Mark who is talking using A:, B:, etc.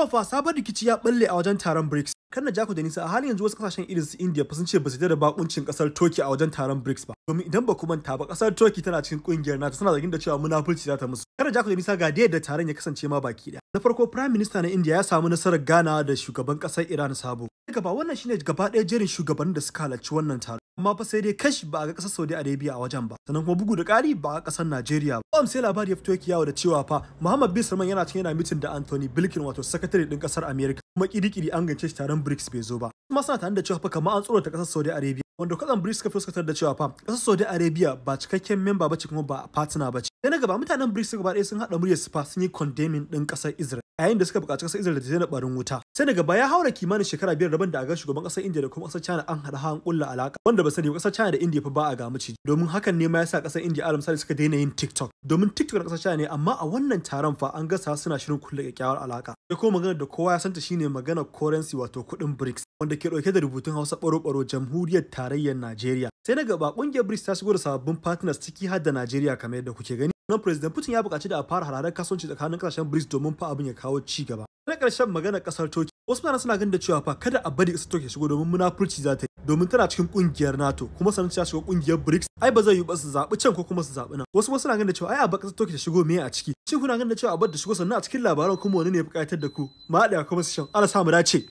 A: To fa sabon rikici ya balle a wajen taron BRICS. Kan na jaku da nisa a halin yanzu wasu kasashen irin su India fa sun ce ba su da bakuncin kasar Turkey a wajen taron BRICS ba. Domin idan ba ku manta ba kasar Turkey tana cikin kungiyar nata suna zargin da cewa munafurci za ta musu. Kan na jaku da nisa ga da yadda taron ya kasance ma baki daya. Na farko Prime Minister na India ya samu nasarar ganawa da shugaban kasar Iran sabo. Gaba wannan shine gaba ɗaya jerin shugabannin da suka halarci wannan taron. amma fa sai dai kashi ba a ga kasar Saudi Arabia a wajen ba sannan kuma bugu da ƙari ba a kasar Najeriya ba am sai labari ya fito yake yawo da cewa fa Muhammad bin Salman yana cikin yana mitin da Anthony Blinken wato sakatare din kasar America kuma kiri-kiri an gance shi taron BRICS bai zo ba kuma suna tare da cewa fa kamar an tsorata kasar Saudi Arabia wanda kasan BRICS ka tar da cewa fa kasar Saudi Arabia ba cikakken memba bace kuma ba partner bace sai na gaba mutanen BRICS gaba ɗaya sun haɗa murya su fa sun yi condemning din kasar Israel a yayin da suka buƙaci ƙasar Israel da zai daina barin wuta. Sai daga baya haura kimanin shekara biyar rabin da a ga shugaban ƙasar India da kuma ƙasar China an haɗa hawan ƙulla alaƙa wanda ba sani ba ƙasar China da India fa ba a gamu ci domin hakan ne ma yasa ƙasar India alam misali suka daina yin TikTok domin TikTok na ƙasar China ne amma a wannan taron fa an gasa suna shirin kulle kyakkyawar alaƙa. Da kuma maganar da kowa ya santa shine maganar currency wato kuɗin BRICS wanda ke ɗauke da rubutun Hausa ɓaro-ɓaro Jamhuriyar Tarayyar Najeriya. Sai daga ba ƙungiyar BRICS ta shigo da sababbin partners ciki har da Najeriya kamar yadda kuke gani. nan president putin ya buƙaci da a fara hararar kasuwanci tsakanin kasashen brics domin fa abin ya kawo ci gaba na ƙarshen magana ƙasar turkey wasu mutane suna ganin da cewa fa kada a bari ƙasar turkey shigo domin munafurci za ta yi domin tana cikin ƙungiyar nato kuma sanin cewa shiga ƙungiyar brics ai ba zai yi ba su zaɓi can ko kuma su zaɓi nan wasu suna ganin da cewa ai a bar ƙasar turkey ta shigo me a ciki shin kuna ganin da cewa a bar da shigo sannan a cikin labaran kuma wani ne ya buƙatar da ku ma da kuma su shan ana samu dace